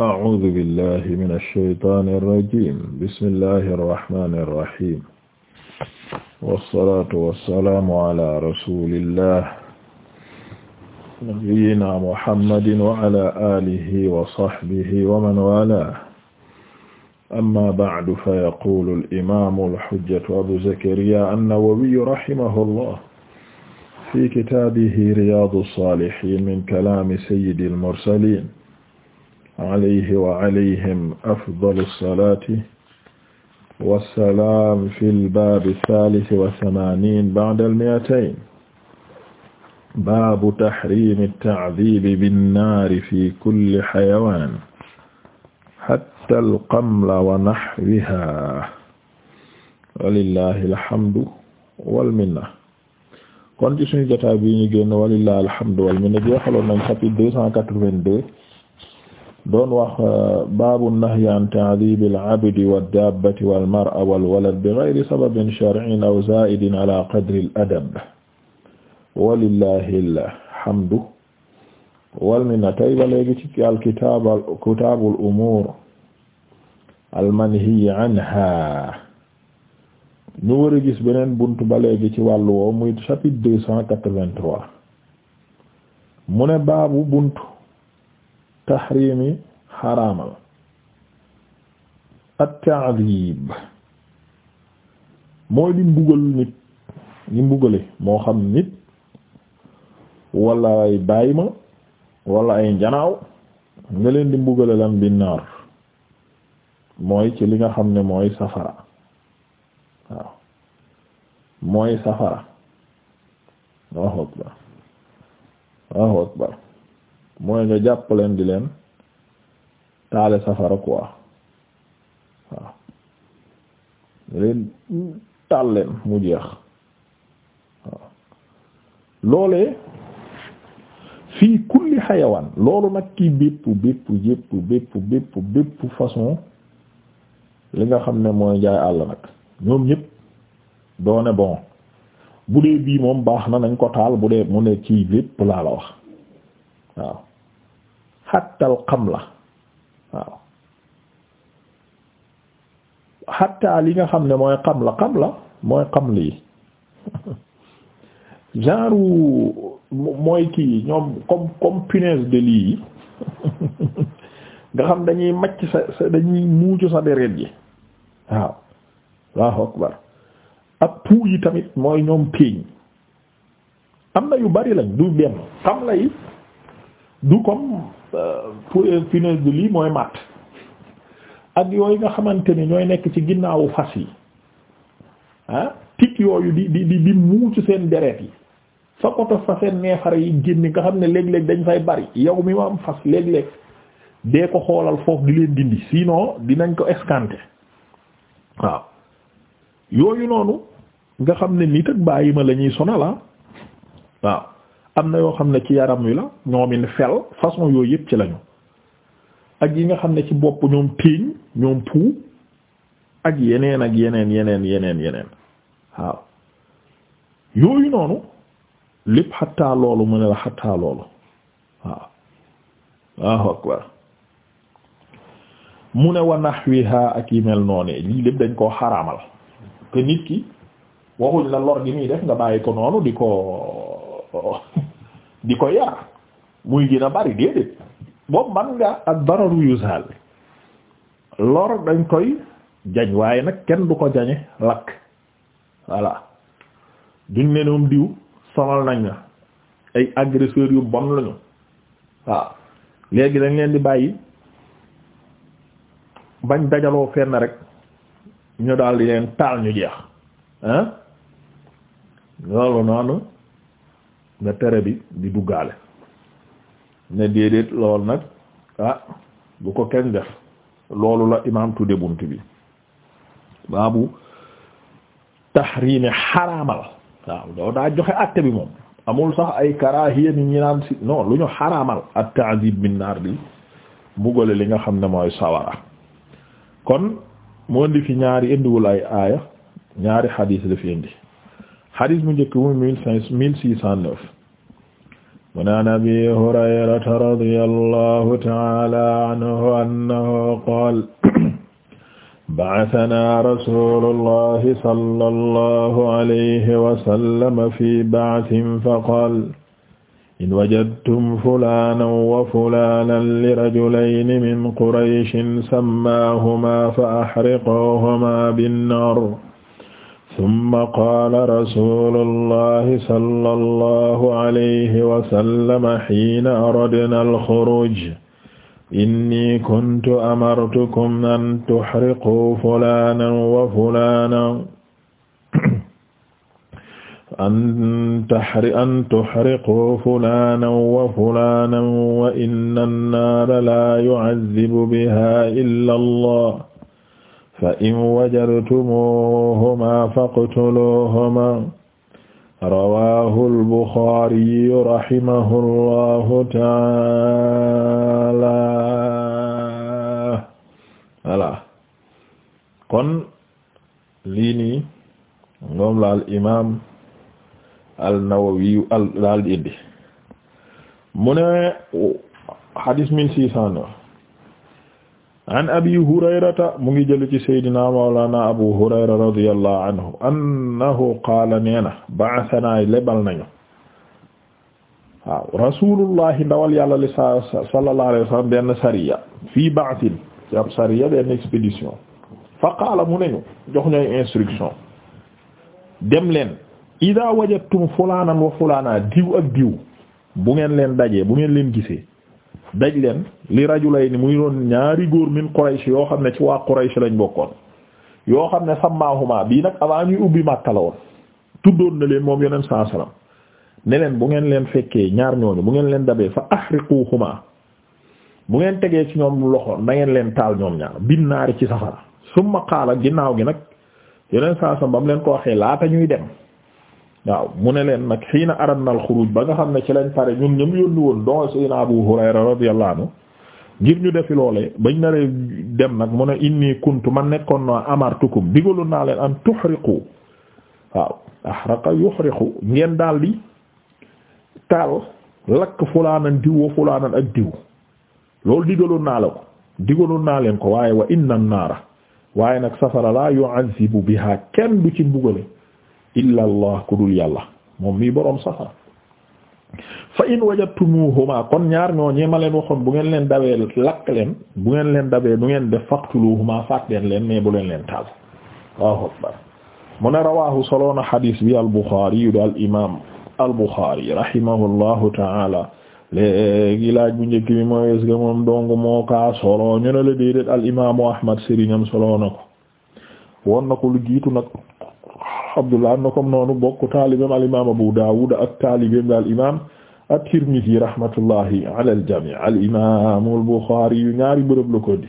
أعوذ بالله من الشيطان الرجيم بسم الله الرحمن الرحيم والصلاة والسلام على رسول الله نبينا محمد وعلى آله وصحبه ومن والاه أما بعد فيقول الإمام الحجة أبو زكريا النووي رحمه الله في كتابه رياض الصالحين من كلام سيد المرسلين alayhi wa alayhim afdalu salaati wa salaam fil baabi saalisi wa samaaniin ba'dal mi'atayn baabu tahriimi ta'diibi binnaari fi kulli xayawaan hattal qamla wa naxwihaa walillaahil hamdu wal minna kon ci suñu jotaay bi ñu génn walillaahil hamdu wal minna jeexaloon nañ chapitre 282 doon wax euh, baabu nahyi an ta'dhibi al-'abdi wad-dabbati wal-mar'a wal-walad bighayri sababin shar'iyyin aw zaa'idin 'ala qadri adab walillahi al wal minna tey ba léegi al-kitaab kitaabul umuur al-manhiyyi anhaa ñu war a gis beneen buntu ba léegi ci wàllu woowu muy chapitre deux cent quatre-vingt-trois mu ne baabu buntu. tahrimi xaraamal at-ta'dhib mooy di mbugal nit di mbugale moo xam nit wala ay bàyyi ma wala ay njanaaw nga leen di mbugale lan bi naar mooy ci li nga xam ne mooy safara waaw mooy safara Allahu akbar Allahu akbar mooy nga jàpp leen di leen taale safara quoi waaw leen taal leen mu jeex waaw loolee fii kulli xayawaan loolu nag ki bépp bépp yépp bépp bépp bépp façon li nga xam ne mooy njaay àll nag ñoom ñépp doone bon bu dee bii moom baax na nañ ko taal bu dee mu ne ci lépp laa la wax waaw hatta al la waaw hatta li nga xam ne mooy la qamla la mooy xam yi genre mooy kii ñoom comme comme punaise de lit yi nga xam dañuy macc sa sa dañuy muucu sa deret ji waaw Allahu akbar ak pou yi tamit mooy ñoom péeñ am na yu bari lañ du benn qamla yi du comme euh, pour punaise de lii mooy matt ak yooyu nga xamante ni ñooy nekk ci ginnaawu fas yi ah tic yooyu di di di di seen deret yi fa koto fa seen neefare yi génn nga xam ne léeg-léeg dañ fay bari yow mi ma am fas léeg-léeg dee ko xoolal foofu di leen dindi sinon dinañ ko escanter waaw yooyu noonu nga xam ne nit ak bàyyi ma la ñuy ah. waaw am na yoo xam ne ci yaram wi la ñoomin fel façon yooyu yëpp ci lañu ak yi nga xam ne ci bopp ñoom téeñ ñoom puu ak yeneen ak yeneen yeneen yeneen yeneen waaw yooyu noonu lépp xattaa loolu mu ne la xattaa loolu waaw waaw akbar ak yi mel noonu lii lépp dañ koo xaraamal te nit ki waxuñ la lor gi muy def nga bàyyi ko noonu di ko di ko yar muy gën a bari déedéet boobu man nga ak dararu yuzaal lor dañ koy jañ waaye nag kenn du ko jañe lakk voilà duñ ne moom diw sonal nañ na ay agresseurs yu bon ñu waaw léegi dañ leen di bàyyi bañ dajaloo fenn rek ñu daal di leen taal ñu jeex ah loolu noonu nga tere bi di duggaale ne déedéet lool nag ah bu ko kenn def loolu la imaam tudde bunt bi baabu tahrimi xaraamal waaw doo daa joxe àtte bi moom amul sax ay karaahiya ni ñi naan si non lu ñu xaraamal at ta'zib min naar bi mbugale li nga xam ne mooy sawara kon moo indi fi ñaari indiwul ay aaya ñaari xadiis la fi indi xadis mu njëkk mu mille cinq mille six cent neuf mu ne an abi hurayrata radiyallahu ta'ala anhu annahu qaala ba'athanaa rasuulullahi sallallahu alayhi wa sallam fi ba'thin faqaala in wajadtum fulaanan wa fulaanan lirajulayni min qurayshin sammaahumaa fa ahriquuhumaa binnaar summa qaala rasuulullahi sallallahu alayhi wa sallam hiina aradna al-xuruuj inni kuntu amartukum an tuhriquu fulaanan wa fulaanan an tuhriquu fulaanan wa fulaanan wa inna an-naara laa yu'adhibu bihaa illa Allah fa in wajadtumuuhumaa faqtuluuhumaa rawaahul buxaari rahimahullahu taala voilà kon lii nii moom la al imaam al nawawi al daal indi mu ne hadis mille six cent neuf an abi hurayrata mu ngi jële ci saydina mawlana abu hurayra radiyallahu anhu annahu neena ba'athana lebal nañu waaw ndawal yàlla li sa sallallahu alayhi wa sallam benn sariya fii ba'thin ci ab sariya benn expédition fa qaala mu neñu jox ñooy instruction dem leen ida wajadtum wa fulana diw ak diw bu ngeen leen dajee bu ngeen leen gisee daj leen li rajulayni muy doon ñaari góor min Quraysh yoo xam ne ci waa si lañ bokkoon yoo xam ne sàmmaahuma bii nag avant ñuy ubbi Makka la woon tuddoon na leen moom yeneen saa salaam ne leen bu ngeen leen fekkee ñaar ñooñu bu ngeen leen dabee fa ahriquhuma bu ngeen tegee ci ñoom loxo na ngeen leen taal ñoom ñaar binnaari ci safara summa qaala ginnaaw gi nag yeneen saa salaam ba mu leen ko waxee laata ñuy dem. waaw mu ne leen nag xiina aradna al xuruj ba nga xam ne ci lañ pare ñun ñëm yónni woon don sayna Abu Hurayra radiyallahu anhu ngir ñu defi loole bañ naree dem nag mu ne inni kuntu man nekkoon naa amartukum digaloon naa leen am tuhriqu waaw ahraqa yuhriqu ngeen daal di taal lakk fulaanan diw wa fulaanan ak diw loolu digaloon naa la ko digaloon naa leen ko waaye wa inna naara waaye nag safara la yu'azibu biha kenn du ci mbugale illa allah ku dul moom mii boroom safara fa in wajadtumuhuma kon ñaar ñooñee ma leen waxoon bu ngeen leen dawee lakk leen bu ngeen leen dawee du ngeen def faqtuluhuma faat leen leen mais leen leen taal waaw akbar mu ne rawaahu soloona xadiis bi al Buxaari yu daal imaam al Buxaari rahimahullahu taala léegi laaj bu njëkk bi mooy est-ce que moom dong moo kaa solo ñu ne la al imaamu Ahmad sëriñam soloona ko woon na ko lu jiitu nag Abdullah na comme noonu bokk taalibam al imaam Abu Daawud ak taalibam daal imaam at-Tirmidhi rahmatullahi ala al-jamii al imaam al-Bukhari yu ñaari bërëb la ko di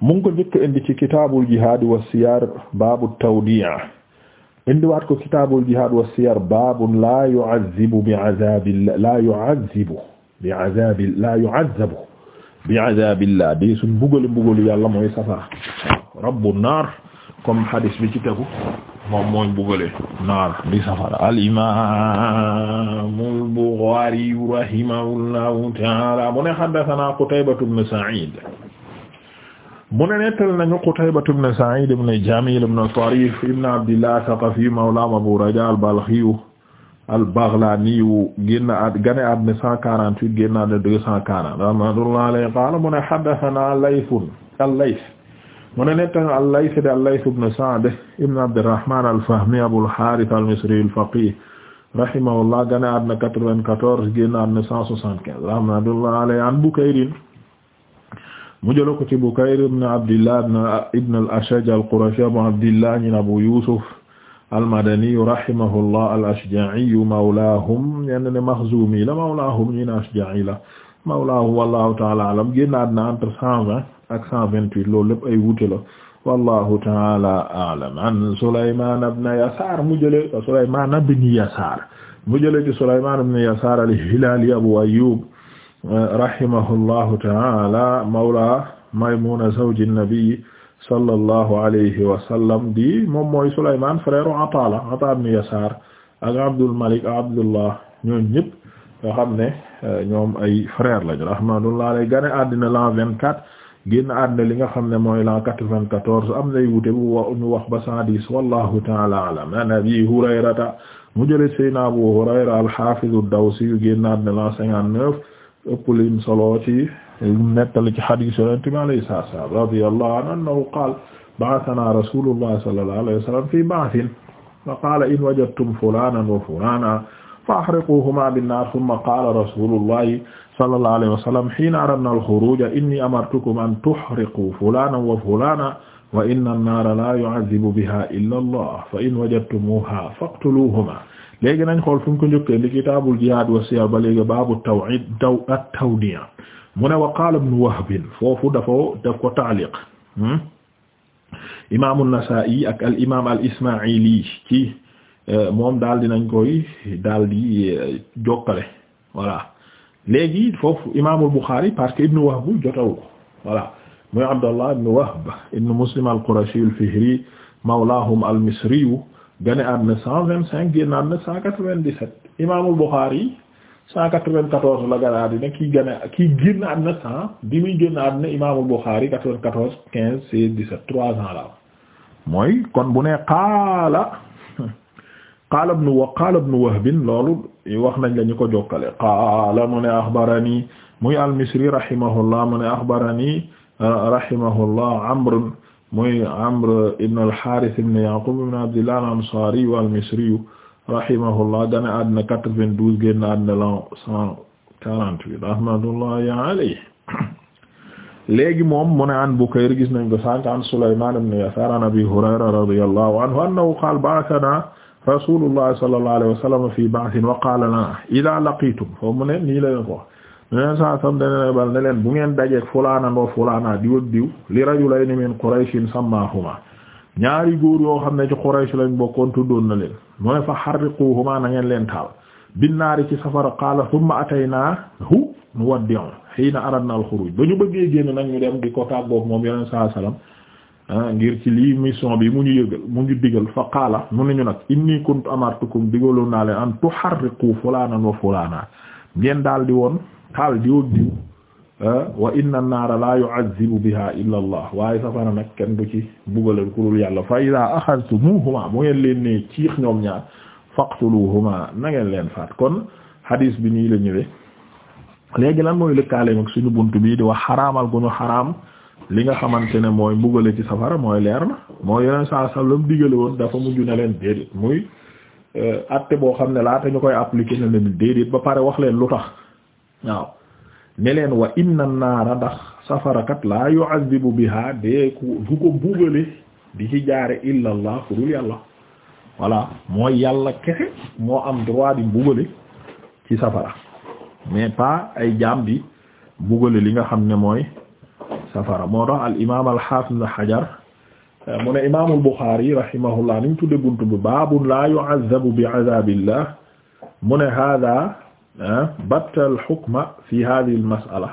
mu ngi ko njëkk indi ci kitaabul jihaad wa siyar baabu tawdi'a indiwaat ko kitaabul jihaad wa siyar baabun laa yu'azzibu bi'azaabi laa yu'azzibu bi'azaabi laa yu'azzabu bi'azaabillah de suñ mbugalu mbugalu yàlla mooy safara rabbu naar comme hadis bi ci tegu moom mooy mbugale naar di mu ne haddathana Qutaybatu ibn Sa'id mu ne nettal nañu Qutaybatu ibn Sa'id ibn Jamil ibn Tarif ibn Abdillah Thaqafi mawla Abu Raja al-Balkhi al-Baghlani génn at ne cent quarante-huit génn ne deux cent quarante rahmatullahi alayhi mu ne haddathana Layth al-Layth mu ne netta al-Layth de al-Layth ibn Sa'd ibn Abdurrahman al-Fahmi Abul Harith al-Misri al-Faqih rahimahullah gane àddina 94 génn àddina 175 rahmatullah alayhi an Bukayrin mu jëloon ko ci Bukayr ibn Abdillah ibn al-Ashaj al-Qurashi Abu Abdillah ibn Abu Yusuf al-Madani rahimahullah al-Ashja'i mawlaahum ñenn ne Makhzumi la mawlaahum ñi ne Ashja'i la mawlaahum wallahu ta'ala a'lam génn àddina entre 120 ak cent vingt-huit loolu lépp ay wuute la wallahu taala aalam an Sulaymaan ibn Yasaar mu jële Sulaymaan ibn Yasaar mu jële ci Sulaymaan ibn Yasaar al-Hilaali Abu Ayyuub rahimahullahu taala mawla Maymuna zawji nabi sallallahu alayhi wa sallam di moom mooy Sulaymaan frère Ataa la Ataa ibn Yasaar ak Abdul Malik Abdullah ñoom ñëpp nga xam ne ñoom ay frère lañu rahmatullahi alayhi gane àddina l'an vingt-quatre génn àddina li nga xam ne mooy la 94 am nay wute bu wa ñu wax ba 110 wallahu taala alam an abi hurayrata mu jële sayna abu hurayra al-hafiz ad-dawsi yu génn àddina la 59 ëpp lim solo ci nettali ci hadith yonent bi alayhi salaam radiyallahu anhu annahu qaala ba'athana rasulullah sallallahu alayhi wa sallam fi ba'thin fa qaala in wajadtum fulanan wa fulanan fa ahriquhuma bin-nar thumma qaala rasulullah sallallahu alayhi wa sallam hiina aradna al-xuruuj inni amartukum an tuhriqu fulaanan wa fulaanan wa inna an-naara laa yu'azzibu bihaa illaa Allah fa in wajadtumuuhaa faqtuluuhumaa léegi nañ xool fu ñu ko njëkkee li kitaabul jihaad wa siyar ba léegi baabu tawhid taw at-tawdiya mu ne wa qaala ibnu Wahb foofu dafa daf ko taaliq hmm? imaamu Nasaa'i ak al imaam al Ismaa'iili ci eh, moom daal dinañ koy daal di eh, jokkale voilà. léegi foofu imaamul Bukhari parce que ibnu Wahb jotawu ko voilà muy Abdallah ibnu Wahb ibnu Muslim al-Qurashi al-Fihri mawlaahum al-Misriyu gane àddina cent vingt cinq génn àddina cent quatre-vingt-dix-sept imaamul Bukhari cent quatre-vingt-quatorze la gane àddina kii gane kii génn àddina cent bi muy génn àddina imaamul Bukhari quatre-vingt-quatorze quinze seize dix-sept trois ans la mooy kon bu qaala qaala ibnu wa qaala ibnu wahbin loolu wax nañ la ñu ko jokkale qaala mu ne axbarani muy almisri rahimahullah mu ne axbarani rahimahullah amr muy amr ibn alxaaris ibn yaqub ibn abdillah al-ansaari al-misri rahimahullah gane àddina 92 génn àddina la 148 rahmatullahi alayhi léegi moom mu ne an Bukayr gis nañ ko sànq an Sulaymaan ibn Yasaar an Abi Hurayra radiyallahu anhu annahu qaala ba'athana rasulullah sallallahu alayhi wa sallam fi ba'thin wa qala lana ida laqitum foofu mu ne nii la leen ko wax ñuneen saa sam dana bal ne leen bu ngeen dajeek fulaana ndoo fulaana diw ak diw li rajulayni min qurayshin sammahuma ñaari góor yoo xam ne ci quraysh lañ bokkoon tuddoon na leen mu ne fa harriquhuma na ngeen leen taal binnaari ci safara qala thumma ataynahu nuwaddi'u hina aradna al-khuruj ba ñu bëggee génn nag ñu dem di ko tàggoog moom yeneen saa salaam Ah ngir ci lii mission bi mu ñu yëgal mu ñu digal fa qaala mu ne ñu nag inni kuntu amartukum digaloon naa leen an tuharriqu fulaanan wa fulaana ngeen daal di woon xaal diw diw ah, waaye safara nag kenn du ci bugalal ku dul yàlla fa idaa axadtumuuhuma mu ngeen leen ne ciix ñoom ñaar faqtuluuhuma na ngeen leen faat kon hadis bi nii la ñëwee léegi lan mooy lëkkaale mag suñu bunt bii di wax xaraamal gu ñu xaraam li nga xamante ne mooy mbugale ci safara mooy leer na mooy yeneen saa sallam digale woon dafa mujj na leen déedéet muy euh, atte boo xam ne laata ñu koy appliquer na leen déedéet ba pare wax leen lu tax waaw ne leen wa inna naara ndax safarakat laa yu'azzibu biha dee ku ko bugale di ci jaare illa dul yàlla voilà mooy yàlla kese moo am droit di bugale ci safara mais pas ay jaam bi bugale li nga xam ne mooy safara moo tax al imaam al xaafis ibn Hajar mu ne imaamul Buxaari rahimahullah ni mu tudde buntu bi baabun laa yu'azzabu bi'azaabillah mu ne haadaa battal xukma fi haadihi al mas'ala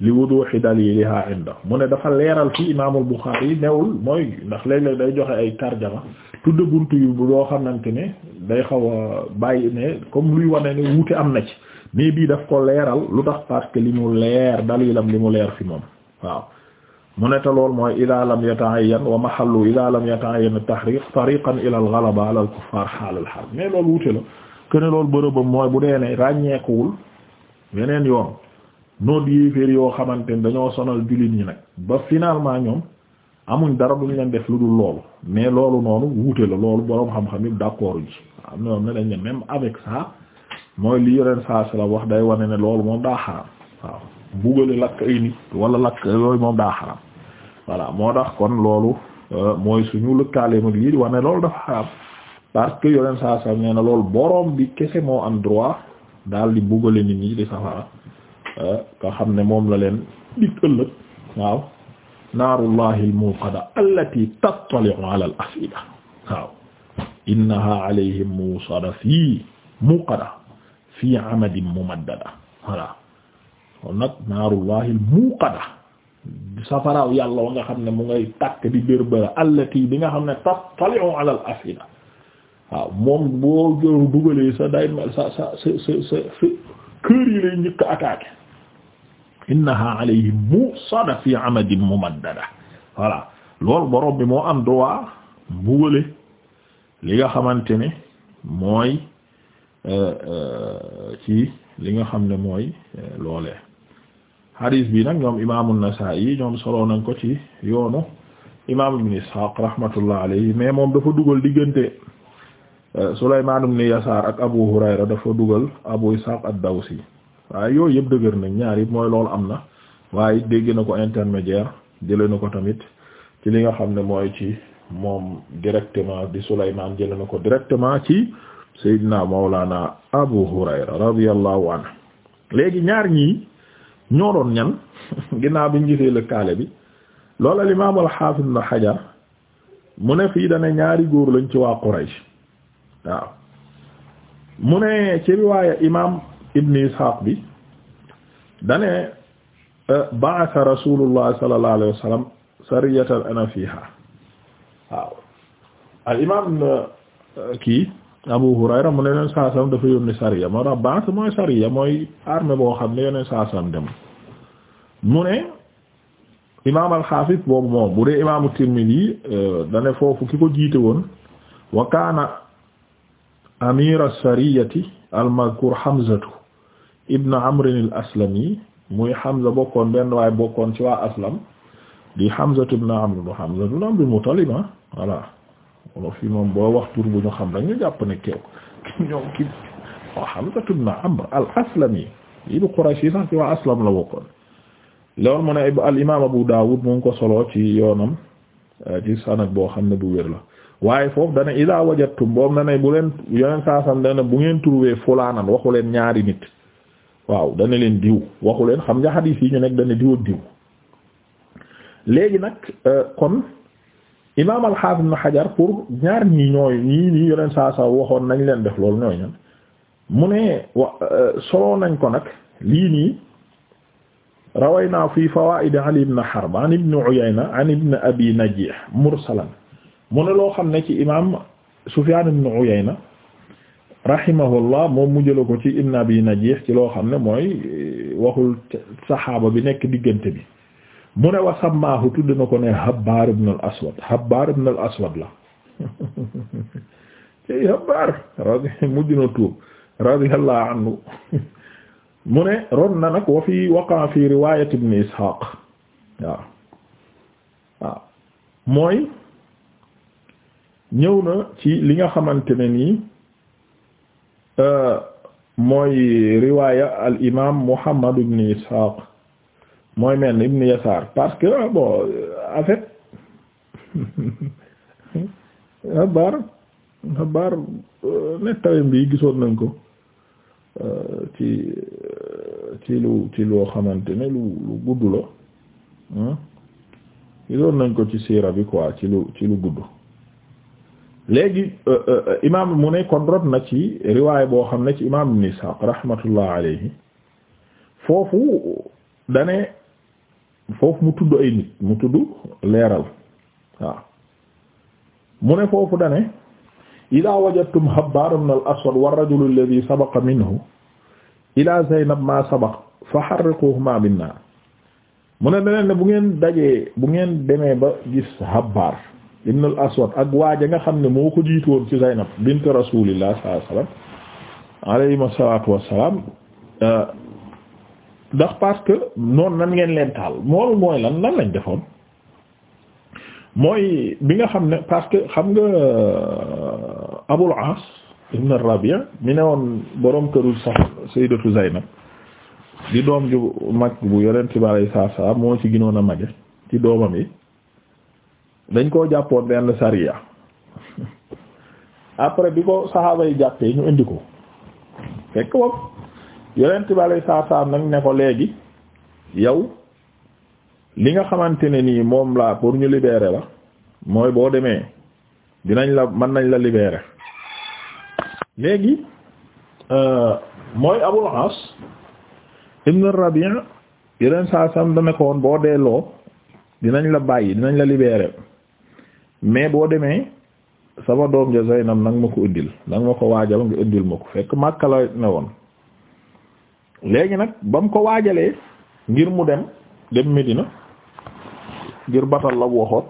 li wuduuhi daliilihaa inda mu ne dafa leeral fi imaamul Buxaari newul mooy ndax léeg-léeg day joxe ay tarjama tudde buntu yu boo xamante ne day xaw a bàyyi ne comme luy wane ne wuute am na ci mais bii daf ko leeral lu dax parce li mu leer dalilam li mu leer fi moom mu ne te lool mooy ila lam yata'ayyan wa mahallu ila lam yata'ayyan at-tahriq tariqan ila al-ghalaba ala al-kuffar haal al-harb mais loolu wuute la que loolu bërëbam mooy bu dee ne ràññeekuwul beneen yoon noot yéeféer yoo xamante ne dañoo sonal jullit ñi nag ba finalement ñoom amuñ dara duñ leen def lu dul loolu mais loolu noonu wuute la loolu boroom xam-xam yëpp d'accord ji am na yoon ne dañ ne même mooy li yoreen saa si wax day wane ne loolu moom daa xaraam waaw bugale lakk ay nit wala lakk yooyu moom daa xaram voilà moo tax kon loolu euh, mooy suñu lëkkaaleem ak lii wane loolu dafa xaram parce que yoneen saa saa nee na loolu boroom bi kese moo am droit daal di bugale nit ñi di safara euh, nga xam ne moom la leen dik ëllëg waaw naarullahi almuqada allati tattali'u al afida waaw innaha alayhim musada fii muqada fii amadin mumaddada voilà kon nag naarullahil muuqada safaraaw yàlla wa nga xam ne mu ngay tàkk di bér bëra allati bi nga xam ne tattali'u ala al afida waaw moom boo jor dugalee sa day sa sa sa sa sa kër yi lay njëkk attaqué innaha alayhim musada fi amadin mumaddada voilà loolu borom bi moo am droit mbugale li nga xamante ne mooy euh, euh, ci li nga xam ne mooy euh, loolee hadis bi nag ñoom imaamu Nasaa'i ñoom solo nañ ko ci yoonu imaam ibn Ishaq rahmatullah alayhi mais moom dafa dugal diggante euh, Sulaymaan ibn Yasaar ak Abu Hurayra dafa dugal Abu Ishaq ad-Dawsi waaye yooyu yëpp dëgër nañ ñaar yëpp mooy lool am na waaye dégg na ko intermédiaire jëlee na ko tamit ci li nga xam ne mooy ci moom directement di Sulaymaan jële na ko directement ci Seydina Mawlana Abu Hurayra radiyallahu anhu léegi ñaar ñii. ñoo doon ñan ginnaaw bi ñu gisee kaale bi loolu al imaam al xaafis na xajar mu ne fii dana ñaari góor lañ ci waa Quraysh waaw mu ne ci riwaaya imaam ibn Isxaaq bi dane euh, ba'atha rasulullah sallallahu alayhi wa sallam sariyatan ana fiha waaw al imaam euh, kii Abu Hurayra mu ne yoneen saa moo tax ba'atha mooy sariya mooy armée boo xam ne yoneen saa sallam mu ne imaam al boobu moom bu dee imaamu Tirmidhi euh, dane foofu ki ko jiite woon wa kaana amir as-sariyati al-mazkur Hamzatu ibn Amr al-Aslami muy Hamza bokkoon benn waaye bokkoon ci waa Aslam di Hamzatu ibn Amr du Hamzatu ibn Abdul Muttalib ah, boo wax tur bu xam rek ñu jàpp ne keew ñoom al-Aslami yi du Qurayshi sax ci waa Aslam la bokkoon loolu mu ne al imaam Abu Dawud mu ngi ko solo ci yoonam euh, ci sanad boo xam ne bu wér la waaye foofu dana ila wajadtum boobu na ne bu leen yeneen saasam dana bu ngeen trouvé fulaanan waxu leen ñaari nit waaw dana leen diw waxu leen xam nga xadiis yi ñu nekk dana diw diw léegi nag euh, kon imaam al na xajar Hajar pour ñaar ñii ñooy ñii ñii yeneen saasa waxoon nañ leen def loolu ñooy ñan mu ne wa euh, nañ ko nag lii nii rawaynaa fi fawaa'id Ali ibn Harb an ibn Uyayna an ibn Abi Najiih mursalan mu ne loo xam ne ci imaam Sufyaan ibn Uyayna rahimahullah moom mu jëla ko ci ibn Abi Najiih ci loo xam ne mooy eh, waxul saxaaba bi nekk diggante bi mu ne wa sammaahu tudd na ko ne Habbaar ibn al-Aswad Habbaar ibn al-Aswad la ci Habbaar mujj na tuub radiyallahu anhu mu ne ron na nag wa fi waqa fi riwayat ibn ishaq waaw mooy ñëw na ci li nga xamante ne nii euh, mooy riwaya al imam muhammad ibn ishaq mooy mel ni ibn yasar parce que bon euh, en fait xabaar xabaar euh, nettawem bi gisoon nañ ko ci ci lu ci loo xamante ne lu lu gudd la hmm? gisoon nañ ko ci siira bi quoi ci lu ci lu gudd léegi euh, euh, imaam mu ne kon rot na ci riwaay boo xam ne ci imaam ibn Isaaq rahmatullah alayhi foofu dane foofu mu tudd ay nit mu tudd leeral waaw mu ne foofu dane ida wajadtum habbar ibn al aswad wa rajul alladhi sabaqa minhu ila zaynab ma sabaq fa harriquhuma bin naar mu ne deneen ne bu ngeen dajee bu ngeen demee ba gis habbar ibn al aswad ak waaja nga xam ne moo ko jiitoon ci zaynab bint rasulillah sallallahu alayhi wasallam alayhim asalatu wassalam euh, ndax parce que noonu nan ngeen leen taal moolu mooy lan nan lañ defoon mooy bi nga xam ne parce que xam nga Abul As ibn Rabi' mi ne woon borom këru sax Sayyidatu Zaynab di doom ju mag bu yonent bi alayhi salaam moo ci ginoon a mage ci doomam yi dañ koo jàppoon benn sariya après bi ko saxaaba yi jàppee ñu indi ko fekk boobu yonent bi alayhi salaam nañ ne ko léegi yow li nga xamante ne nii moom laa pour ñu libeere la mooy boo demee dinañ la mën nañ la libérer léegi euh, mooy Abul As ibn Rabi' yeneen saa sam ko woon boo delloo dinañ la bàyyi dinañ la libérer mais boo demee sama doom ja Zaynab nag ma ko indil nag ma ko waajal nga indil ma ko fekk Makka la ne woon léegi nag ba mu ko waajalee ngir mu dem dem Medina ngir batal la waxoot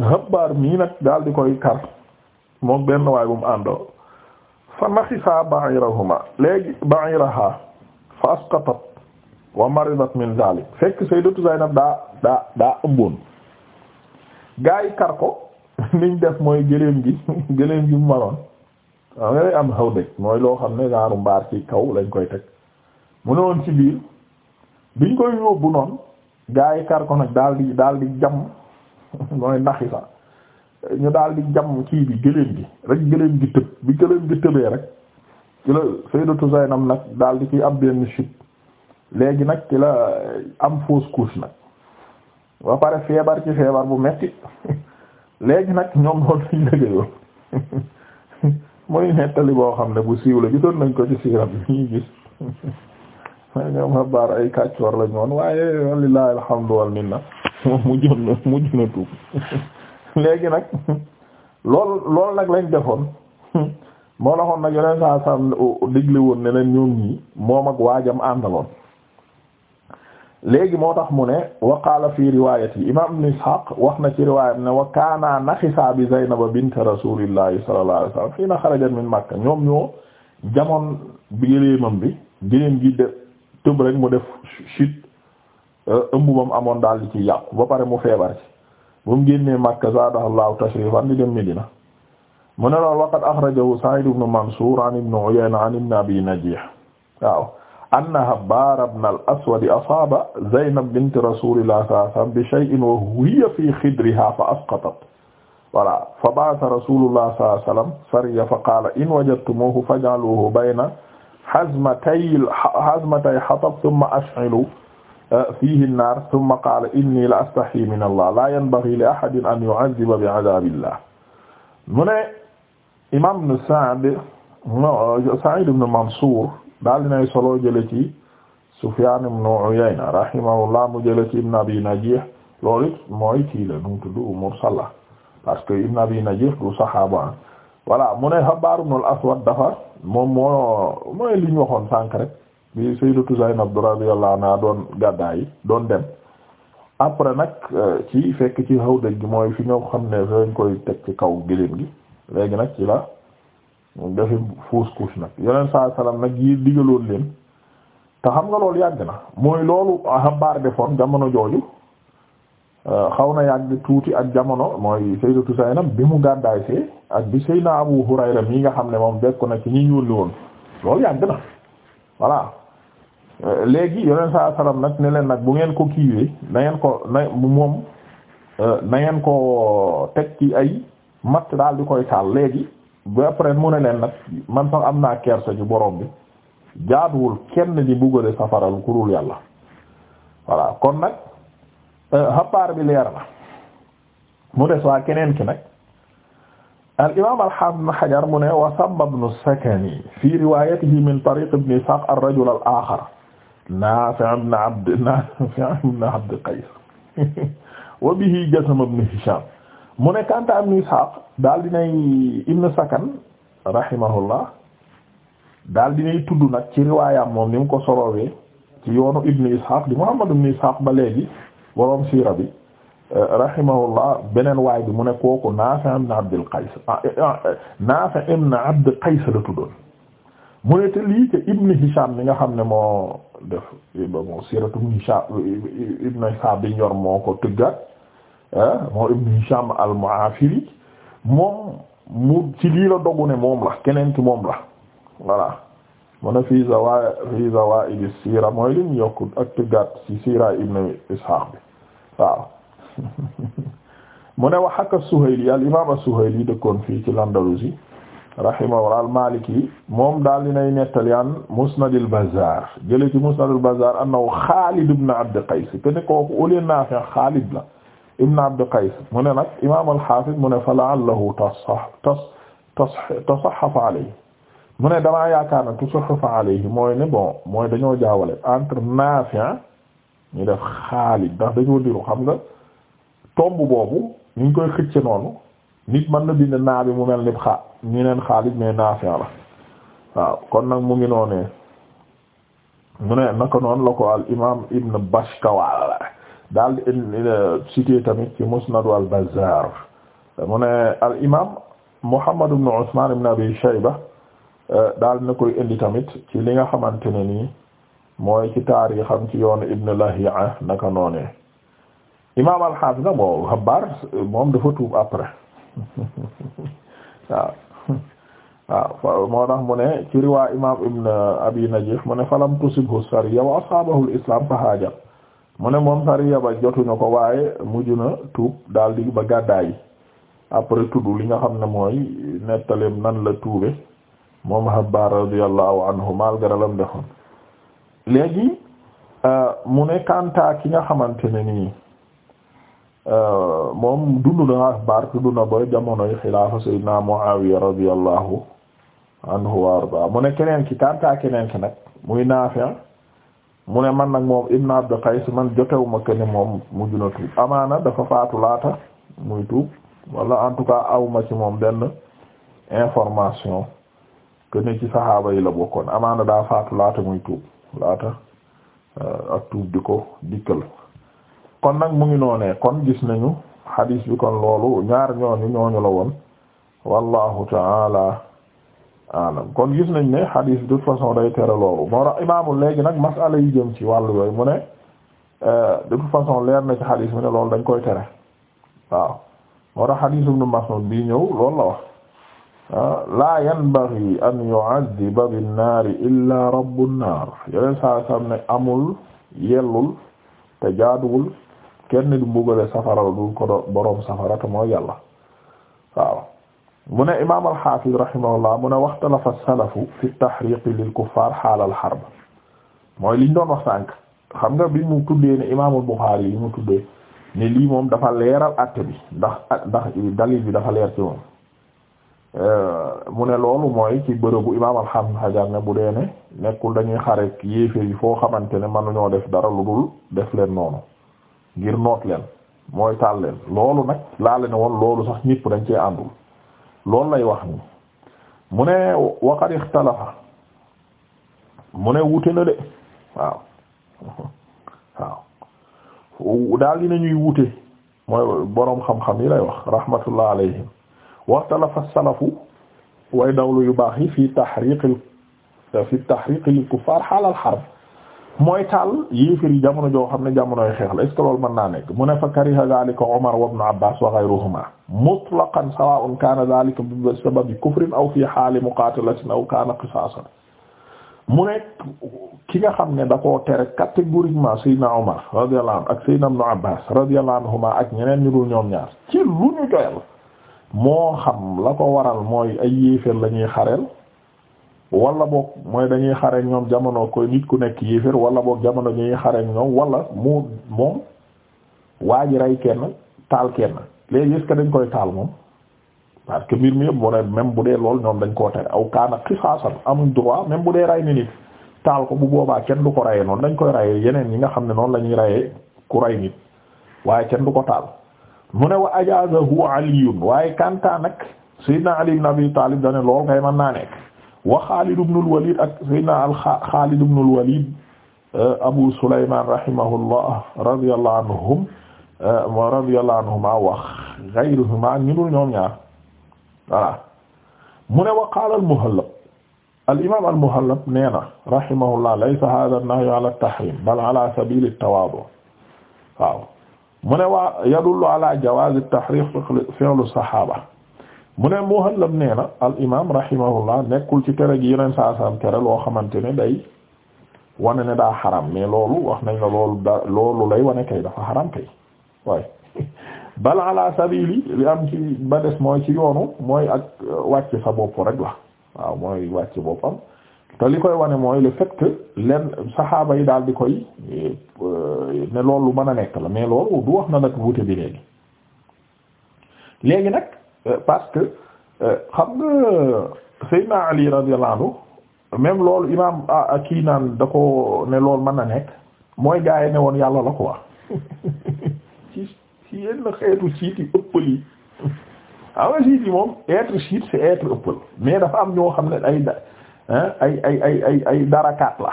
xabaar mii nag daal di koy kar moom benn waay bu mu àndoo fa naxisa ba'irahuma léegi ba'iraha fa asqatat wa maridat min zalik fekk sayyidatu Zaynab daa daa daa ëmboon gaa kar ko niñ def mooy gëléem gi gëléem gi mu manoon waaw nga lay am xaw mooy loo xam ne gaaru mbaar ci kaw lañ koy teg mu ne woon ci biñ koy yóbbu noonu gaa yi kar ko nag daal di jam mooy naxisa ñu daal di jam kii bi gëléem gi rek gëléem gi tëb bi gëléem gi tëbee rek ci la Sayyidatu Zaynab nag daal di ciy am benn chute léegi nag ci la am fausse couche nag ba pare feebar ci feebar bu metti léegi nag ñoom loolu lañ lëgëyoon muy nettali boo xam ne bu siiw la gisoon nañ ko ci siiram bi ñuy gis may ñoom xabaar ay kàccoor la ñoon waaye wallaahi alhamdu wal minna moom mujjoon na tuub léegi nag lool lool nag lañ defoon moo taxoon nag yeneen saa sam digle woon ne leen ñoom ñii moom ak waajam àndaloon léegi moo tax mu ne wa qaala fi riwayati imam ibn ishaq wax na ci riwayat ne wa kaana naxisa bi zaynaba bint rasulillahi sallallahu alayhi wasallam hiina xarajat min makka ñoom ñoo jamoon bi bi gëléem gi de tëb rek mu def chute ëmb amoon daal di ci yàqu ba pare mu feebar ci ba mu génnee Makka zaadahallahu tashrifan di dem Medina mu ne loolu waqad akhrajahu Sa'id ibn Mansur an ibn Uyayna an ibn Abi Najih waaw anna Habbar ibn al-Aswad asaba Zaynab bint Rasulillah sallallahu alayhi wasallam bi shay'in wa hiya fi khidriha fa asqatat voilà fa ba'atha Rasulullah sallallahu alayhi wasallam sariya fa qala in wajadtumuhu faj'aluhu bayna hazmatay hazmatay hatab thumma ash'ilu Ah fiihi naar thumma qaala inni la astahyi min allah la yanbaghi li ahadin an yu'adhiba bi adhabillah mu ne imam ibn Sa'd Sa'id ibn Mansour daal dinay solo jële ci Sufyan ibn Uyayna rahimahullah mu jële ci Ibn Abi Najih loolu it mooy kii la nu mu tudd mursal la parce que Ibn Abi Najih du saxaaba voilà mu ne Habbar ibn al-Aswad dafa moom moo mooy li ñu waxoon sànq rek bi Sayyidatu Zaynab radiyallahu naa doon gàddaay doon dem après nag euh, ci fekk ci hawdaj gi mooy fi nga xam ne dañ koy teg ci kaw gëléem gi léegi nag ci la dafi fausse couche nag yeneen saa salaam nag yi digaloon leen te xam nga loolu yàgg na mooy loolu xabaar defoon jamono jooju euh, xaw na yàgg tuuti ak jamono mooy Sayyidatu Zaynab bi mu gàddaay see ak bi Sayyidina Abu Hurayra mii nga xam ne moom dekk nag ci ñi ñu yónni woon loolu yàgg na voilà léegi yoneen saa salaam nag ne leen nag bu ngeen ko kiiwee na ngeen ko na moom euh, na ko teg ci ay matt daal di koy taal léegi ba après mu ne leen nag man sax am naa kersa ci borom bi jaaduwul kenn di buggale safaral kurul yàlla voilà kon nag euh, xabaar bi leer na mu des waa keneen ki nag al imaam al haafiz Hajar mu ne wa sabba ibnu Sakani fi riwaayatihi min tariiq ibn Ishaaq ar-rajul al-aaxar Naafi ibn Abd Naafi ibn Abd Qays wa bihi Jasam ibn Hisham mu ne Kanta ibn Ishaq daal dinay ibn Sakan rahimahullah daal dinay tudd nag ci riwaayam moom ni mu ko sorowee ci yoonu ibn Ishaq di Muhammad ibn Ishaq ba léegi boroom siira bi rahimahullah beneen waay bi mu ne kooku Naafi ibn Abd al-Qays ah, eh, ah, eh, Naafi Abd Qays la tuddoon mu ne te lii te Ibn Hisham mi nga xam ne moo def bon siratu Hisham Ibn Hisham bi ñor moo ko tëggat ah, moo Ibn Hisham al moom mu ci lii la dogu ne moom la keneen ki moom la voilà mu ne fii zawa fii zawaid as-sira mooy li ñu yokku ak tëggat ci sira Ibn Ishaq bi waaw mu ne wax ak as-Suhayli al-imam as-Suhayli dëkkoon fii ci l'Andalousie rahimahullah al-Maliki moom daal dinay nettali an Musnad al-Bazzar jële ci Musnad al-Bazzar annahu Xaalid ibn Abd Qays te ne kooku ole Naafi' Xaalid la ibn Abd Qays mu ne nag imaam al-Hafiz mu ne fa la'allahu tasah tas tas tasahhafa alayhi mu ne damaa yaakaar ne tasahhafa alayhi mooy ne bon mooy dañoo jaawale entre Naafi' ñu def Xaalid ndax dañoo diru xam nga tomb boobu ñu ngi koy xëcce noonu nit mën na bind naa mu mel ni xaa ñu neen Xaalid mais Naafi' la waaw kon nag mu ngi noonee mu ne naka noonu la ko al imaam Ibn Bashkawal daal eh, cité tamit ci Musnad al Bazzaar mu ne al imaam Muhammad ibn Usmaan ibn Abi Shayba eh, daal na koy indi tamit ci li nga xamante ne nii mooy ci taarixam ci yoonu Ibn Lahi'a naka noonee imaam al-Haafiz bon Habbar moom dafa tuub après. waaw waaw moo tax mu ne ci riwaa imam ibn abi najih mu ne falam tusibhu sariya wa ashabahu islam fa hajar mu ne moom sariya ba jotuñu ko waaye mujj na tuub daal di ba gàddaay après tudd li nga xam ne mooy nettaleem nan la tuube moom habbar radiyallahu anhu malgré lam defoon léegi euh, mu ne kanta ki nga xamante ne nii Euh, moom dund na axbaar tudd na ba jamonoy xilaafa sayyidina Muawiya radiyallahu anhu wa arda mu ne keneen ki kanta keneen ki nag muy Naafi' mu ne man nag moom Ibn Abd Qays man jotewuma ke moom mujj na tuub amaana dafa faatu laata muy tuub wala en tout cas awma ci moom benn information que ci saxaaba yi la bokkoon amaana daa faatu laata muy tuub laata euh, ak tuub di ko dikkal kon nag mu ngi noonee kon gis nañu hadis bi kon loolu ñaar ñooñu ñooñu la woon wallahu taala alam kon gis nañ ne hadis de toute façon day tere loolu moo tax imaamul léegi nag masala yi jëm ci wàllu yooyu mu ne euh, de toute façon leer na ci hadis mu ne loolu dañ koy tere waaw moo tax hadis ibn Mas'ud bii ñëw loolu la wax ah, la yanbaghi an yu'adhiba bin-naari illa rabbu naar yeneen saa sam ne amul yellul te jaaduwul kenn du mbugale safara du ko do boroom safara te mooy yàlla waaw mu ne imaam al-Hafiz rahimahullah mu ne waxtalafa salafu fi tahriq lil kuffar haal harb mooy liñ doon wax sànq xam nga bi mu tuddee ne imaamul Bukhari yi mu tuddee ni lii moom dafa leeral àtte bi ndax ndax dalil bi dafa leer ci moom euh, mu ne loolu mooy ci bërëbu imaam al-Hafiz Hajar ne bu dee ne nekkul dañuy xare yéefee yi foo xamante ne mënuñoo def dara lu dul def leen noonu ngir noot leen mooy taal leen loolu nag laale ne woon loolu sax ñëpp dañ cee àndul loolu lay wax ni mu ne waqad ixtalafa mu ne wute na de waaw waaw daal dina ñuy wute mooy boroom xam-xam yi lay wax rahmatullah alayhim waxtalafa salafu way dawlu yu baax yi fi tahriq fi tahriq al kuffar xaalal xarb mooy taal yéefir yi jamono joo xam ne jamonoy xeex la est ce que loolu mën naa nekk mu ne fa kariha zalika Umar wa ibn Abbas wa ghayruhuma mutlaqan sawa'un kaana zalika bi sababi kufrin aw fi haali muqatilatin aw kaana qisaasan mu ne ki nga xam ne da koo tere catégoriquement Seydina Omar radiyallahu anhu ak Seydina Ibn Abbas radiyallahu anhuma ak ñeneen ñu dul ñoom ñaar ci lu ñu doyal moo xam la ko waral mooy ay yéeféer la ñuy xareel wala boog mooy dañuy xare ñoom jamono koy nit ku nekk yéefér wala boog jamono ñuy xare ak ñoom wala mu moom waa ji rey kenn taal kenn léegi est-ce que dañ koy taal moom parce que mbir mi yëpp mu même bu dee lool ñoom dañ koo tere aw kaana xisaasan amuñ droit même bu dee rey ni nit taal ko bu boobaa kenn du ko reyee noonu dañ koy reyee yeneen yi nga xam ne noonu la ñuy reyee ku rey nit waaye kenn du ko taal mu ne wa ajazahu aliyun waaye kantaa nag sayyidina ali ibn abi talib dane lool kay mën wa Xaalid ibn al-Walid ak Seydina al Xaalid ibn al-Walid eh, Abu Sulaymaan rahimahullah radiyallahu anhum eh, wa radiyallahu anhuma wa ghayruhuma ñu dul ñoom ñaar voilà mu ne wa qaala al-Muhallab al-imaam al-Muhallab nee na rahimahullah laysa haadha an-nahyu ala at-tahriim bal ala sabiil at-tawaadu' waaw mu ne wa yadullu ala jawaazi at-tahriim fi'lu sahaaba mu ne Muhallam nee na al imaam rahimahullah nekkul ci këre gi yeneen saa saam tere loo xamante ne day wane ne daa xaram mais loolu wax nañ la loolu loolu lay wane kay dafa xaram kay waaye bal li am ci ba des mooy ci yoonu mooy ak wàcc sa bopp rek la waaw mooy wàcc boppam te li koy wane mooy le fait lenn saxaaba yi daal di koy euh, ne loolu mën a nekk la mais loolu du wax na nag wuute bi léegi léegi nag. Euh, parce que euh, xam nga Seydina Ali radiyallahu anhu même loolu imaam kii naan da ko ne loolu mën na nekk mooy gaa yi ne woon yàlla la ko wax ci ci yenn xeetu siit yi ëppal yi am mais dafa am ñoo xam ne ay da ay ay ay ay ay darakaat la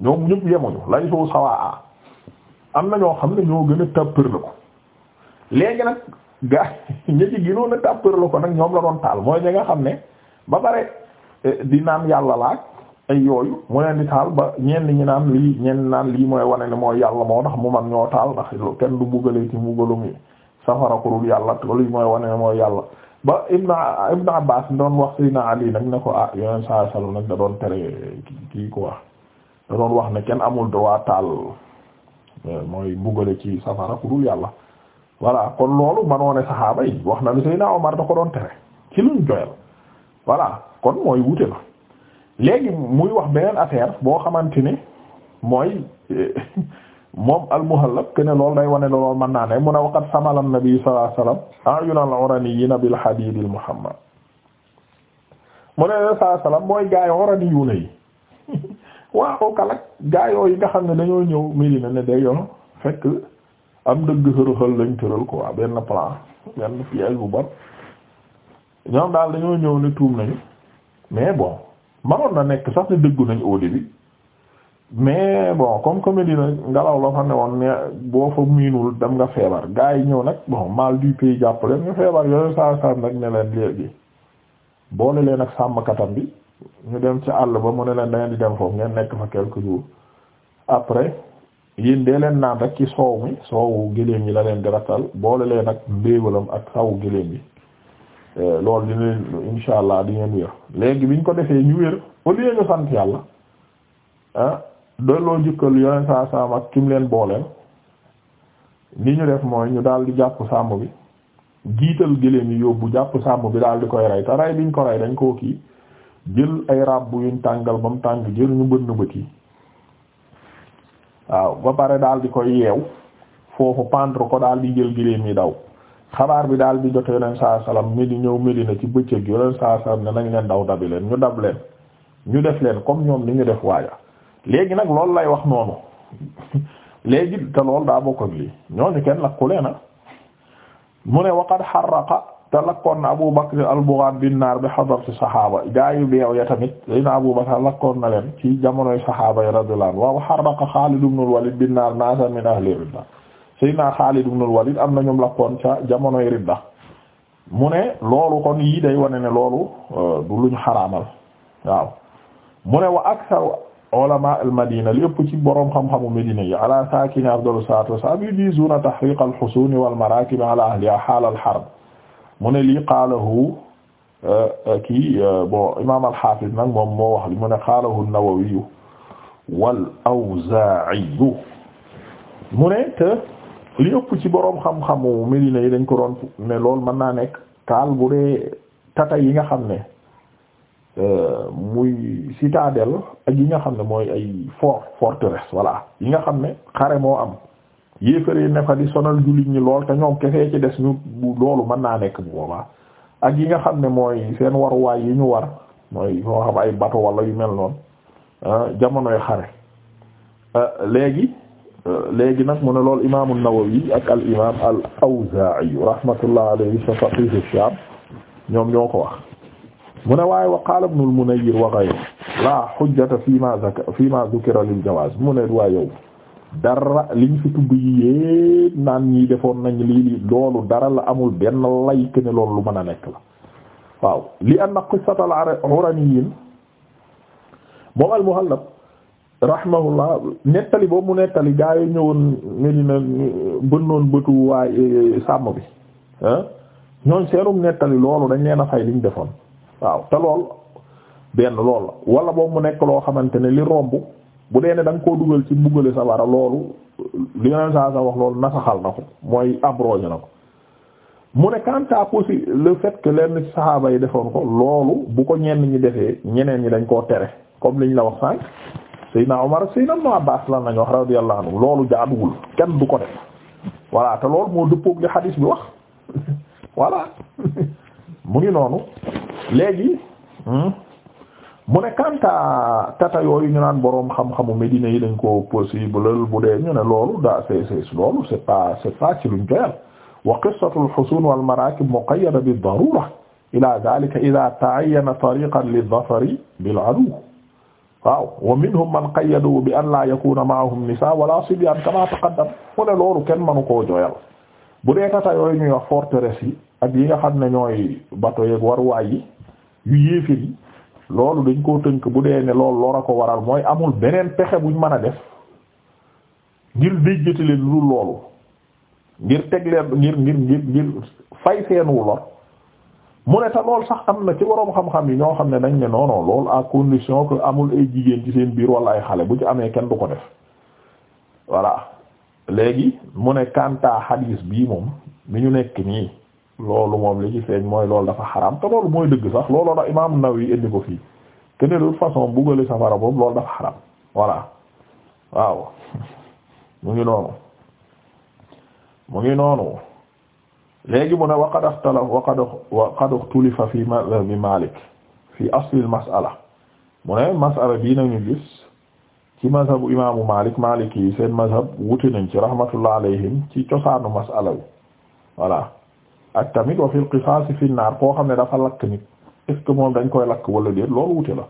na ñoo xam ne ñoo gën a tàppër la ko léegi nag gaa ña ci ginoon a tàppar la ko nag ñoom la doon taal mooy ña nga xam ne ba pare eh, di naan yàlla laaj ay yooyu mu leen di taal ba ñenn ñi naan lii ñenn naan lii mooy wane ne mooy yàlla moo tax mu man ñoo taal ndax kenn du buggalee ci mbugalum yi safara ko dul yàlla te lii mooy wane ne mooy yàlla ba ibn ibn abbas doon wax naa ali nag ne ko ah yeneen saa salo nag da doon tere kii ko wax da doon wax ne kenn amul droit taal eh, mooy buggale ci safara yàlla voilà kon loolu mënoo ne saxaaba yi wax na lu Seydina Omar da ko doon tere ci luñ joyal voilà kon mooy wute na léegi muy wax beneen affaire boo xamante ni mooy eh, moom al-Muhallab ke ne loolu day wane loolu mën naa ne mun a waqat samala nabi sallallahu alayhi wasallam a'yun al-uraniyyin bil hadid al-muhammad mu ne sallallahu alayhi wasallam mooy gaay uraniyyu yi waaw kalak gaayoo yi nga xam ne dañoo ñëw Medina ne day yoon fekk am dëgg xërëxal lañ tëral quoi benn plan benn piège bu bon ñoom daal dañoo ñëw ne tuum nañu mais bon manoon na nekk sax ne dëggu nañ au début mais bon comme comme dina ngelaw la fa ne woon ne boo fa miinul dem nga feebar gars yi ñëw nag bon mal du pays jàppale nga feebar yooyu saa saa nag ne leen léegi boole leen ak sàmmkatam bi ñu dem ci àll ba mu ne leen da di dem foofu ngeen nekk fa quelques jours après. yéen dee leen naan rek ci soow mi soowu gëléem yi la leen di ratal boole leen ak mbéewalam ak sawu gëléem bi euh, loolu dina leen insha allah di ngeen wér léegi biñ ko defee ñu wér au lieu ñu sant yàlla ah loo jëkkal yoneen saa saam ak kim leen booleel ni ñu def mooy ñu daal di jàpp sàmm bi jiital gëléem yi yóbbu jàpp sàmm bi daal di koy rey te rey ñu ko rey dañ koo kii jël ay ràbb yuñ tàngal ba mu tàng jël ñu bët na bët yi waaw ba pare daal di koy yeew foofu pendre ko daal di jël giléem yi daw xabaar bi daal di jot yoneen saa salaam midi ñëw Medina ci bëccëg yoneen saa salaam ne nañ leen daw dabi leen ñu dab leen ñu def leen comme ñoom ni ñu def waaja léegi nag loolu lay wax noonu léegi te loolu daa bokk ak lii ñooñu kenn lakkulee na mu ne waqad xarraqa te lakkoon na Abu Bakr al-Bughaan bin naar bi hadrati saxaaba gaa yu beew ya Abu Bakr lakkoon na leen ci jamonoy saxaaba yi radiyallaahu anhu wa harraqa Xaalid ibn al-Waliid bin naar naasan min ahli ridda Seydina Xaalid ibn al-Waliid am na ñoom lakkoon ca jamonoy ridda mu ne loolu kon yii day wane ne loolu euh, du luñ xaraamal waaw mu ne wa aksaru al-Madina li ëpp ci borom xam-xamu Medina yi ala saakini afdalu salaatu wa salaam yujiizuuna tahriiq al-husuun wal maraakib ala al mu ne lii qaalahu euh, kii euh, bon imaam al nag moom moo wax li mu ne qaalahu an-Nawawi wal Awzaa'i mu ne te li ëpp ci boroom xam-xamu Medina yi dañ ko doon ne loolu mën naa nekk taal bu dee tata yi nga xam ne euh, muy citadelle ak yi nga xam ne mooy ay fort forteresse voilà yi nga xam ne xare moo am yéefare ne fa di sonal jullit ñi lool te ñoom kefee ci des ñu loolu mën naa nekk bu boobaa ak yi nga xam ne mooy seen waruwaay yi ñu war mooy yoo xam ay bato walla yu mel noonu ah, jamonoy xare ah, léegi ah, léegi nag mu ne lool imaam an-Nawawi ak al imaam al Awzaa'i rahmatullah alayhi sa faqih Shaam ñoom ñoo ko wax mu ne waaye wa qaala ibn al-Munayyir wa ghayruhu laa hujjata fi ma zakara fi ma dhukira lil jawaaz mu ne waaye yow dara liñ fi tudd yéen naan ñii defoon nañ lii lii loolu dara la amul benn lay que loolu lu mën a nekk la waaw li anna qissatal uraniyin moom al muhallab nettali boobu mu nettali gaa yi ñëwoon Medina bënnoon bëtu waay e, e, sàmm bi ñooñ seenum nettali loolu dañ leen a fay liñ defoon waaw te lool benn lool la wala boobu mu nekk loo xamante ne li romb bu dee ne da koo dugal ci mbugale sawara loolu li nga saa a wax loolu nasaxal na ko mooy abrogé na ko mu ne quant possi le fait que lenn ci saxaaba yi defoon ko loolu bu ko ñenn ñi defee ñeneen ñi dañ koo tere comme li ñu la wax sànq Seydina Omar Seydina Ibn Abbaas la nañ wax radiyallahu anhu loolu jaaduwul kenn du ko def voilà te loolu moo dëppook li xadiis bi wax voilà mu ngi noonu léegi. Hmm? mu ne kanta tata yooyu ñu naan boroom xam-xamu Medina yi dañ ko possible bu dee ñu ne loolu daa c'est c'est loolu c'est pas c'est pas ci luñ joyal wa qissatu al-husun wal marakib muqayyada bi darura ila dhalika idha ta'ayyana tariqan lidh-dhafari bil aduw waaw wa man qayyadu bi an la yakuna ma'ahum nisa wala sibyan kama taqaddam mu kenn manu koo joyal bu dee tata yooyu ñuy wax forteresse yi ak yi nga xam ne ñooy bateau yeeg waruwaay yi yu yéefir loolu dañ koo tënk bu dee ne lool lor a ko waral mooy amul beneen pexe buñ mën a def ngir déjjati leen lu loolu ngir teg leen ngir ngir ngir ngir fay seenwu lor mu ne te lool sax am na ci boroom xam-xam yi ñoo xam ne dañ ne non non loolu à condition que amul ay jigéen ci seen biir wala ay xale bu ci amee kenn du ko def voilà léegi mu ne kanta xadiis bii moom bi ñu nekk nii loolu moom li ci feeñ mooy loolu dafa xaraam te loolu mooy dëgg sax looloo tax imaam Nawawi indi ko fii te de toute façon buggale safara boobu loolu dafa xaraam voilà waaw mu ngi noonu mu ngi noonu léegi mu ne waqad ixtalaf waqad waqad ixtulifa fi madhabi Malik fi asli masala mu ne mas'ala bii nañu gis ci mazhabu imaamu Malik Malik yi seen mazhab wuti nañ ci rahmatullah alayhim ci cosaanu mas'ala bi voilà ak tamit wa fil qisaas fi naar koo xam ne dafa lakk nit est-ce moom dañ koy lakk wala déet loolu wute la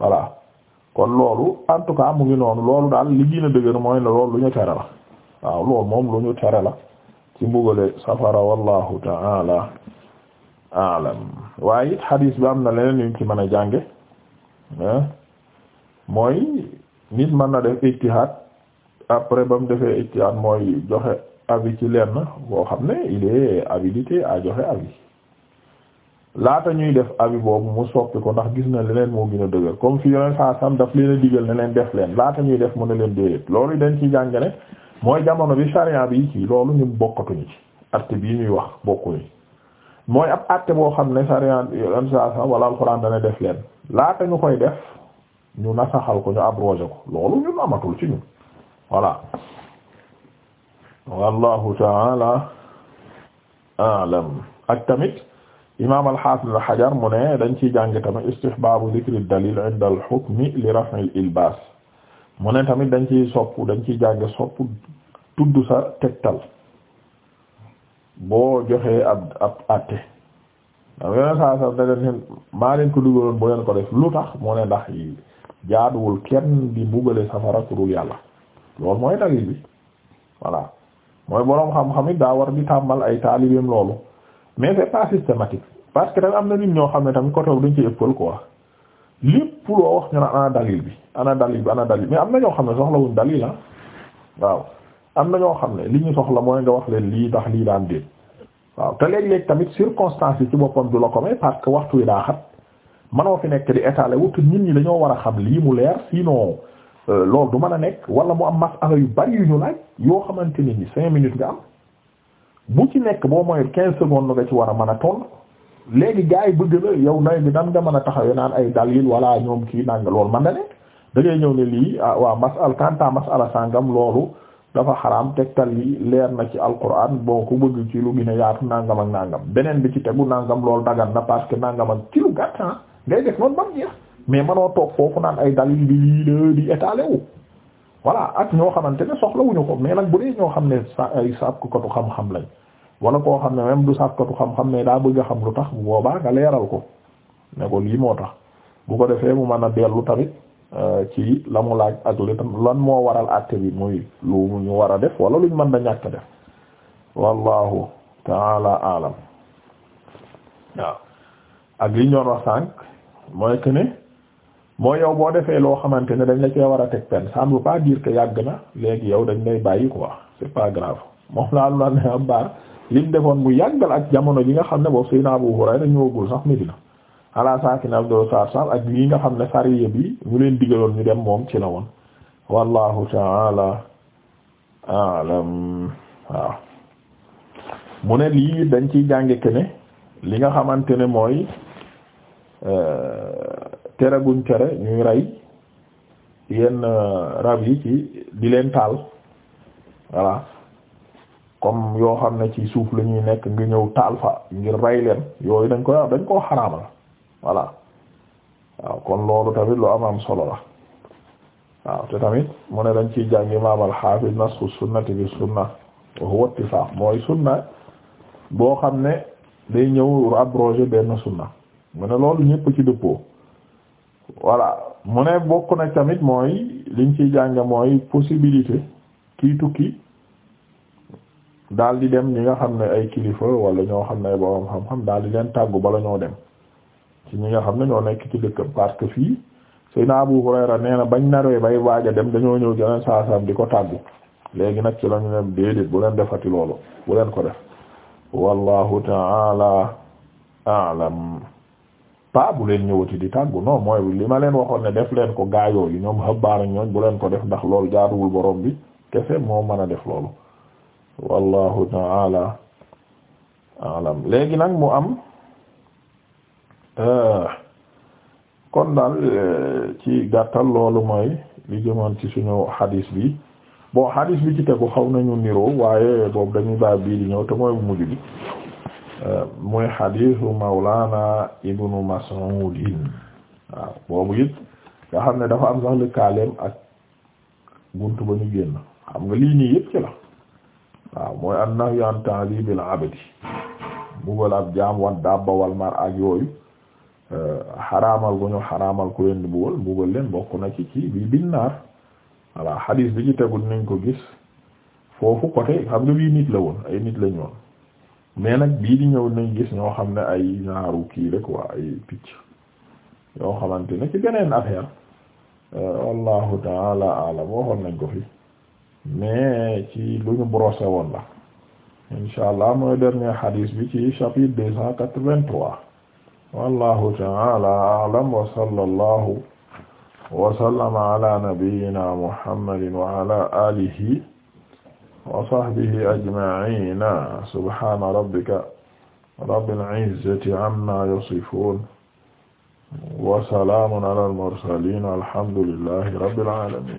voilà kon loolu en tout cas mu ngi noonu loolu daal li gën a dëgër mooy ne loolu lu ñu tere la waaw loolu moom lu ñu tere la ci mbugale safara wallahu ta'ala a'lam waaye it xadiis bi am na leneen yuñ ci mën a jànge mooy nit mën na def ijtihaad après ba mu defee ijtihaad mooy joxe avis ci na boo xam ne il est habilité à joxe avis laata ñuy def avis boobu mu soppi ko ndax gis na leneen moo gën a dëgër comme fi yeneen saa sam daf leen a digal ne leen def leen laata ñuy def mu ne leen déedéet loolu dañ ci jàngale mooy jamono bi charia bi ci loolu ñu bokkatuñu ci atte bii ñuy wax bokkuñu mooy ab atte boo xam ne charia yeneen saa sam wala alxuraan dana def leen laata ñu koy def ñu nasaxal ko ñu abrogé ko loolu ñun amatul ci ñun voilà wallahu taala alam ak tamit imam al-hafiz mu ne dañ ciy jàng tamit istihbabu dhikri dalil inda al li raf'i al mu ne tamit dañ ciy sopp dañ ciy jàng sopp tegtal boo joxe ab ab atte leen maa leen ko dugaloon boo leen ko def lu tax mu ne ndax jaaduwul kenn di mbugale safara ku dul yàlla loolu mooy dalil bi voilà mooy boroom xam-xam it daa war di tàmbal ay taalibeem loolu mais c'est pas systématique parce que tamit am na nit ñoo xam ne tamit côté dañ ci ëppal quoi lépp loo wax ñu ne ana dalil bi ana dalil bi ana dalil mais am na ñoo xam ne soxlawuñ dalil ah waaw am na ñoo xam ne li ñu soxla mooy nga wax leen lii tax lii daan déet waaw te léeg-léeg tamit circonstances yi ci boppam du la ko may parce que waxtu wi daa xat manoo fi nekk di étaler wu te nit ñi dañoo war a xam lii mu leer sinon. Euh, lool du man a nekk wala mu am masala yu bari yu ñu laaj yoo xamante ni cinq minutes nga am bu ci nekk boo mooy quinze secondes nga ci war a man a toll léegi gars yi bëgg la yow nawet bi nan nga mën a naan ay dalil wala ñoom kii nanga loolu man na ne da ñëw ne lii ah waaw masal kanta masala sàngam loolu dafa xaraam tegtal yi leer na ci alquran boo ko bëgg ci lu gën a yaatu nangam ak nangam beneen bi ci tegu nangam loolu dagan na parce que nangam ak ci lu gàttan ah, ngay def noonu bam jeex mais manoo toog foofu naan ay dalil bi lii la di étalé wu ak ñoo xamante ne soxlawuñu ko mais nag bu dee ñoo xam ne sa ay sàkkukatu xam-xam lañ wala koo xam ne même du sàkkukatu xam-xam ne daa bëgg a xam lu tax bu boobaa nga ko ne ko lii moo tax bu ko defee mu mën a dellu tamit euh, ci la mu laaj ak li lan moo waral àtte bi muy lu ñu war a def wala luñ mën da ñàkk def wallahu taala alam waaw ak li ñu doon wax mooy que mooy yow boo defee loo xamante ne dañ la cee war a teg peine ça ne veut pas dire que yàgg na léegi yow dañ lay bàyyi quoi c'est pas grave moom laa lu la ne Abbaar lim defoon mu yàggal ak jamono ji nga xam ne boobu Seydina Abu Hurayra ñëwagul sax mi ala sakin abdol sar sam ak lii nga xam ne sariya bi ñu leen digaloon ñu dem moom ci la woon wallahu ta'ala a'lam waaw mu ne lii dañ ci jànge ne li nga xamante ne mooy euh, tere guñ tere ñuy ray yenn rab yi ci di leen taal voilà comme yoo xam ne ci suuf la ñuy nekk ngi ñëw taal fa ngir rey leen yooyu dañ koy dañ koo xaraamal voilà waaw kon loolu tamit lu am am solo la waaw te tamit mu ne dañ ci jàng imaam al-Hafiz sunnati bi sunna wa huwa mooy sunna boo xam ne day ñëw abrogé benn sunna mu ne loolu ñépp ci dëppoo voilà mu ne bokk na tamit mooy liñ ciy jànge mooy possibilité kiy tukki daal di dem ñi nga xam ne ay kilifa wala ñoo xam ne ay xam-xam daal di leen tàggu bala ñoo dem ci ñi nga xam ne ñoo nekk ci dëkkam parce que fii Seydina Abu Hurayra nee na bañ naree bay waaj a dem dañoo ñëw geneen saasam di ko tàggu léegi nag ci lañu dem déedéet bu leen defati loolu bu leen ko def wallahu ta'ala a'lam paa bu leen ñëwati di tàggu non mooy li ma leen waxoon ne def leen ko gaa yooyu ñoom xabaar ñooñ bu leen ko def ndax loolu jaaduwul borom bi kese moo mën a def loolu wallahu taala alam léegi nag mu am euh, kon daal euh, ci gàttal loolu mooy li jëmoon ci suñu hadis bi bon hadis bi ci tegu xaw nañu niroo waaye boobu dañuy baa bii di ñëw te mooy mujj bi muy xadiisu Mawlana ibnu Mas'ud waaw boobu it nga xam ne dafa am sax lëkkaaleem ak buntu ba ñu génn xam nga lii nii yëpp ci la waaw mooy am nahyu an ta'dibil abdi bugal ab jaam wan dabba mar ak yooyu euh, xaraamal gu ñu xaraamal ku leen di bugal leen bokk na ci ci bii binnaar voilà xadiis bi ci tegul nañ ko gis foofu côté xam nga bii nit la woon ay nit lañ mais nag bii di ñëw nañ gis ñoo xam ne ay naaru kii rek waa ay picc yoo xamante ne ci beneen affaire euh, wallahu taala alam waxoon nañ ko fi mais ci lu ñu brossé woon la insha allah mooy dernier hadith bi ci chapitre deux cent quatre-vingt-trois wallahu taala alam wa sallallahu wa sallama ala nabiyyina muhammadin wa ala wa sahbihi ajma'ina subhana rabbika rabbil izzati amma yasifun wa salamun ala al mursalin walhamdulillahi rabbil alamin